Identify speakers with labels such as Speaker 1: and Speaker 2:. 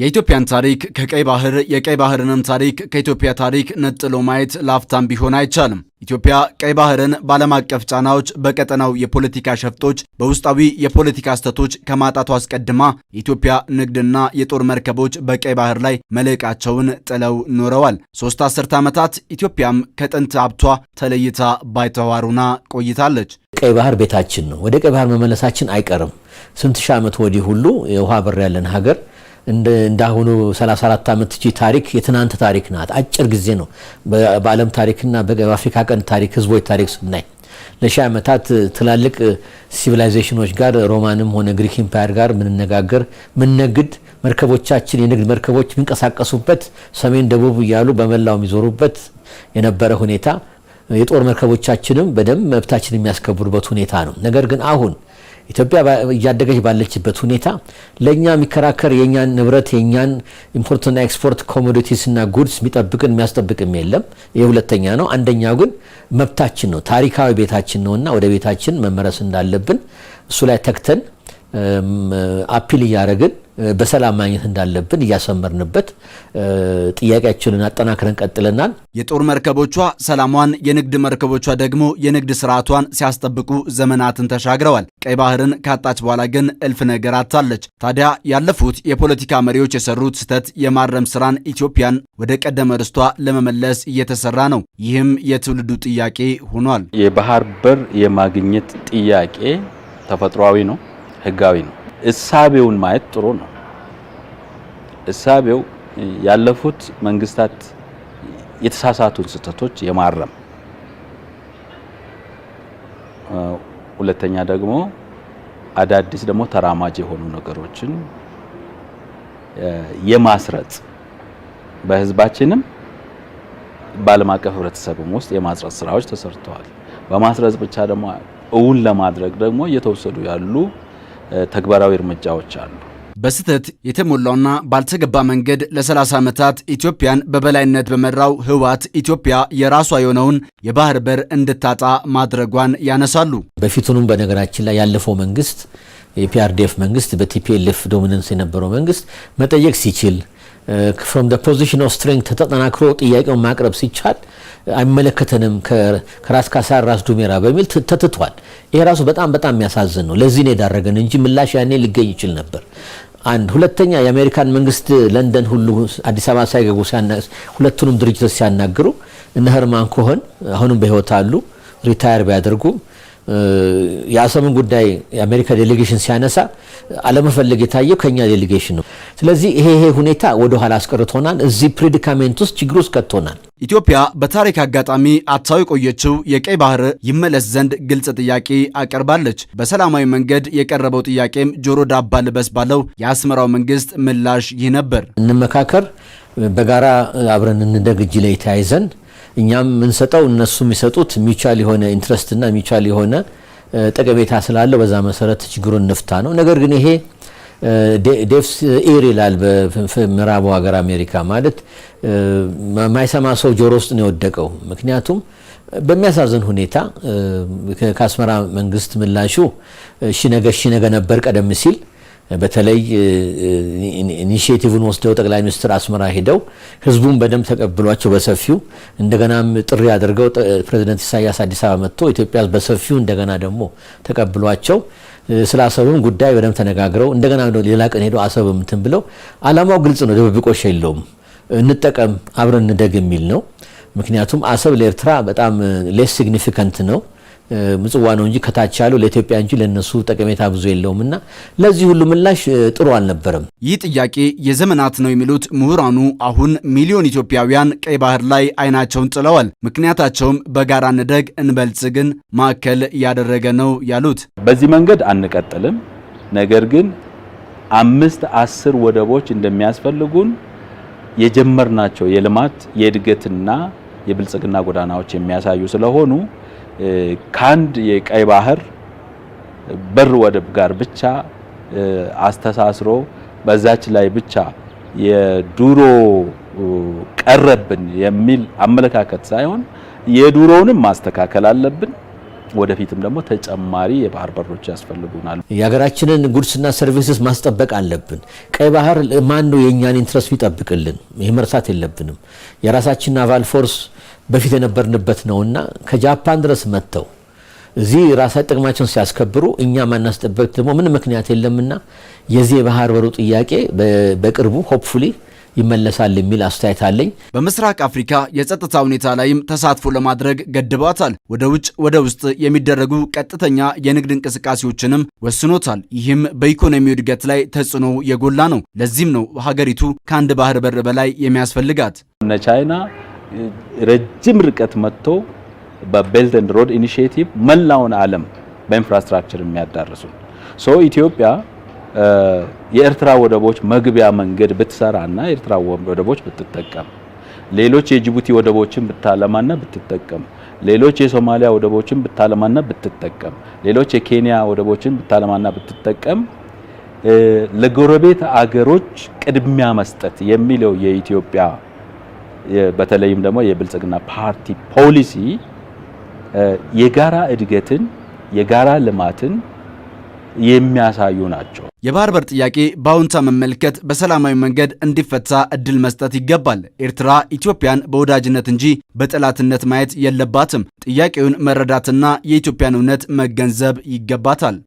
Speaker 1: የኢትዮጵያን ታሪክ ከቀይ ባህር የቀይ ባህርንም ታሪክ ከኢትዮጵያ ታሪክ ነጥሎ ማየት ላፍታም ቢሆን አይቻልም። ኢትዮጵያ ቀይ ባህርን በዓለም አቀፍ ጫናዎች፣ በቀጠናው የፖለቲካ ሸፍጦች፣ በውስጣዊ የፖለቲካ ስተቶች ከማጣቱ አስቀድማ የኢትዮጵያ ንግድና የጦር መርከቦች በቀይ ባህር ላይ መልሕቃቸውን ጥለው ኖረዋል። ሶስት አስርት ዓመታት ኢትዮጵያም ከጥንት ሀብቷ ተለይታ ባይተዋሩና ቆይታለች።
Speaker 2: ቀይ ባህር ቤታችን ነው። ወደ ቀይ ባህር መመለሳችን አይቀርም። ስንት ሺህ ዓመት ወዲህ ሁሉ የውሃ በር ያለን ሀገር እንዳሁኑ 34 ዓመት እቺ ታሪክ የትናንት ታሪክ ናት። አጭር ጊዜ ነው። በዓለም ታሪክና በአፍሪካ ቀንድ ታሪክ ህዝቦች ታሪክ ስናይ ለሺህ ዓመታት ትላልቅ ሲቪላይዜሽኖች ጋር ሮማንም ሆነ ግሪክ ኢምፓየር ጋር ምንነጋገር ምንነግድ፣ መርከቦቻችን የንግድ መርከቦች የሚንቀሳቀሱበት ሰሜን ደቡብ እያሉ በመላው የሚዞሩበት የነበረ ሁኔታ የጦር መርከቦቻችንም በደንብ መብታችን የሚያስከብሩበት ሁኔታ ነው። ነገር ግን አሁን ኢትዮጵያ እያደገች ባለችበት ሁኔታ ለእኛ የሚከራከር የእኛን ንብረት የእኛን ኢምፖርትና ኤክስፖርት ኮሞዲቲስና ጉድስ የሚጠብቅን የሚያስጠብቅም የለም። ይህ ሁለተኛ ነው። አንደኛው ግን መብታችን ነው፣ ታሪካዊ ቤታችን ነውና ወደ ቤታችን መመረስ እንዳለብን እሱ ላይ ተግተን አፒል እያደረግን በሰላም ማግኘት እንዳለብን እያሰመርንበት ጥያቄያችንን አጠናክረን ቀጥለናል።
Speaker 1: የጦር መርከቦቿ ሰላሟን፣ የንግድ መርከቦቿ ደግሞ የንግድ ስርዓቷን ሲያስጠብቁ ዘመናትን ተሻግረዋል። ቀይ ባህርን ካጣች በኋላ ግን እልፍ ነገር አታለች። ታዲያ ያለፉት የፖለቲካ መሪዎች የሰሩት ስህተት የማረም ስራን ኢትዮጵያን ወደ ቀደመ ርስቷ ለመመለስ እየተሰራ ነው። ይህም የትውልዱ ጥያቄ ሆኗል።
Speaker 3: የባህር በር የማግኘት ጥያቄ ተፈጥሯዊ ነው፣ ህጋዊ ነው። እሳቤውን ማየት ጥሩ ነው። እሳቤው ያለፉት መንግስታት የተሳሳቱን ስህተቶች የማረም ሁለተኛ ደግሞ አዳዲስ ደግሞ ተራማጅ የሆኑ ነገሮችን የማስረጽ በህዝባችንም በዓለም አቀፍ ህብረተሰብም ውስጥ የማስረጽ ስራዎች ተሰርተዋል። በማስረጽ ብቻ ደግሞ እውን ለማድረግ ደግሞ እየተወሰዱ ያሉ ተግባራዊ እርምጃዎች አሉ።
Speaker 1: በስህተት የተሞላውና ባልተገባ መንገድ ለ30 ዓመታት ኢትዮጵያን በበላይነት በመራው ህወሓት ኢትዮጵያ የራሷ የሆነውን የባህር በር እንድታጣ ማድረጓን ያነሳሉ።
Speaker 2: በፊቱንም በነገራችን ላይ ያለፈው መንግስት የፒአርዲኤፍ መንግስት በቲፒኤልኤፍ ዶሚነንስ የነበረው መንግስት መጠየቅ ሲችል ፍሮም ፖዚሽን ኦፍ ስትሬንግት ተጠናክሮ ጥያቄውን ማቅረብ ሲቻል uh, አይመለከተንም ከራስ ካሳር ራስ ዱሜራ በሚል ተትቷል። ይሄ ራሱ በጣም በጣም የሚያሳዝን ነው። ለዚህ ነው የዳረገን እንጂ ምላሽ ያኔ ሊገኝ ይችል ነበር። አንድ ሁለተኛ፣ የአሜሪካን መንግስት ለንደን ሁሉ አዲስ አበባ ሳይገቡ ሁለቱንም ድርጅቶች ሲያናግሩ እነ ህርማን ኮሆን አሁንም በህይወት አሉ ሪታየር ቢያደርጉም የአሰብን ጉዳይ የአሜሪካ ዴሌጌሽን ሲያነሳ አለመፈለግ የታየው ከኛ ዴሌጌሽን ነው። ስለዚህ ይሄ ይሄ ሁኔታ ወደኋላ አስቀርቶናል፣ እዚህ ፕሬዲካሜንት ውስጥ ችግር ውስጥ ከቶናል።
Speaker 1: ኢትዮጵያ በታሪክ አጋጣሚ አታው የቆየችው የቀይ ባህር ይመለስ ዘንድ ግልጽ ጥያቄ አቀርባለች። በሰላማዊ መንገድ የቀረበው ጥያቄም ጆሮ ዳባ ልበስ ባለው የአስመራው መንግስት ምላሽ ይህ ነበር።
Speaker 2: እንመካከር፣ በጋራ አብረን እንደግ እጅ ላይ ተያይዘን እኛም የምንሰጠው እነሱ የሚሰጡት ሚቻል የሆነ ኢንትረስትና ሚቻል የሆነ ጠቀሜታ ስላለው በዛ መሰረት ችግሩን ንፍታ ነው። ነገር ግን ይሄ ዴፍስ ኢር ይላል በምዕራቡ ሀገር አሜሪካ። ማለት የማይሰማ ሰው ጆሮ ውስጥ ነው የወደቀው። ምክንያቱም በሚያሳዝን ሁኔታ ከአስመራ መንግስት ምላሹ ሺነገ ሺነገ ነበር ቀደም ሲል በተለይ ኢኒሽቲቭን ወስደው ጠቅላይ ሚኒስትር አስመራ ሄደው ህዝቡን በደንብ ተቀብሏቸው በሰፊው እንደገናም ጥሪ አድርገው ፕሬዚደንት ኢሳያስ አዲስ አበባ መጥቶ ኢትዮጵያ በሰፊው እንደገና ደግሞ ተቀብሏቸው ስለ አሰብም ጉዳይ በደንብ ተነጋግረው እንደገና ሌላ ቀን ሄደው አሰብም እንትን ብለው አላማው ግልጽ ነው፣ ድብብቆሽ የለውም። እንጠቀም አብረን እንደግ የሚል ነው። ምክንያቱም አሰብ ለኤርትራ በጣም ሌስ ሲግኒፊካንት ነው። ምጽዋ ነው እንጂ ከታች ያለው ለኢትዮጵያ እንጂ ለነሱ ጠቀሜታ ብዙ የለውም እና ለዚህ ሁሉ ምላሽ ጥሩ አልነበረም።
Speaker 1: ይህ ጥያቄ የዘመናት ነው የሚሉት ምሁራኑ አሁን ሚሊዮን ኢትዮጵያውያን ቀይ ባህር ላይ አይናቸውን ጥለዋል። ምክንያታቸውም በጋራ እንደግ እንበልጽግን ማዕከል ያደረገ ነው ያሉት።
Speaker 3: በዚህ መንገድ አንቀጥልም፣ ነገር ግን አምስት አስር ወደቦች እንደሚያስፈልጉን የጀመርናቸው የልማት የእድገትና የብልጽግና ጎዳናዎች የሚያሳዩ ስለሆኑ ከአንድ የቀይ ባህር በር ወደብ ጋር ብቻ አስተሳስሮ በዛች ላይ ብቻ የዱሮ ቀረብን የሚል አመለካከት ሳይሆን የዱሮውንም ማስተካከል አለብን። ወደፊትም ደግሞ ተጨማሪ የባህር በሮች ያስፈልጉናል።
Speaker 2: የሀገራችንን ጉድስና ሰርቪስስ ማስጠበቅ አለብን። ቀይ ባህር ማን ነው የእኛን ኢንትረስት ይጠብቅልን? ይህ መርሳት የለብንም። የራሳችን ናቫል ፎርስ በፊት የነበርንበት ነውና ከጃፓን ድረስ መጥተው እዚህ ራሳ ጥቅማቸውን ሲያስከብሩ እኛ ማናስጠበቅ ደግሞ ምን ምክንያት የለምና የዚህ የባህር በሩ ጥያቄ በቅርቡ ሆፕፉሊ ይመለሳል የሚል አስተያየት አለኝ።
Speaker 1: በምስራቅ አፍሪካ የጸጥታ ሁኔታ ላይም ተሳትፎ ለማድረግ ገድቧታል። ወደ ውጭ ወደ ውስጥ የሚደረጉ ቀጥተኛ የንግድ እንቅስቃሴዎችንም ወስኖታል። ይህም በኢኮኖሚ እድገት ላይ ተጽዕኖ የጎላ ነው። ለዚህም ነው ሀገሪቱ ከአንድ ባህር በር በላይ የሚያስፈልጋት
Speaker 3: እነ ቻይና ረጅም ርቀት መጥቶ በቤልት ኤንድ ሮድ ኢኒሽቲቭ መላውን ዓለም በኢንፍራስትራክቸር የሚያዳርሱ ሶ ኢትዮጵያ የኤርትራ ወደቦች መግቢያ መንገድ ብትሰራና የኤርትራ ወደቦች ብትጠቀም ሌሎች የጅቡቲ ወደቦችን ብታለማና ብትጠቀም ሌሎች የሶማሊያ ወደቦችን ብታለማና ብትጠቀም ሌሎች የኬንያ ወደቦችን ብታለማና ብትጠቀም ለጎረቤት አገሮች ቅድሚያ መስጠት የሚለው የኢትዮጵያ በተለይም ደግሞ የብልጽግና ፓርቲ ፖሊሲ የጋራ እድገትን የጋራ ልማትን የሚያሳዩ ናቸው።
Speaker 1: የባህር በር ጥያቄ በአሁንታ መመልከት በሰላማዊ መንገድ እንዲፈታ እድል መስጠት ይገባል። ኤርትራ ኢትዮጵያን በወዳጅነት እንጂ በጠላትነት ማየት የለባትም። ጥያቄውን መረዳትና የኢትዮጵያን እውነት መገንዘብ ይገባታል።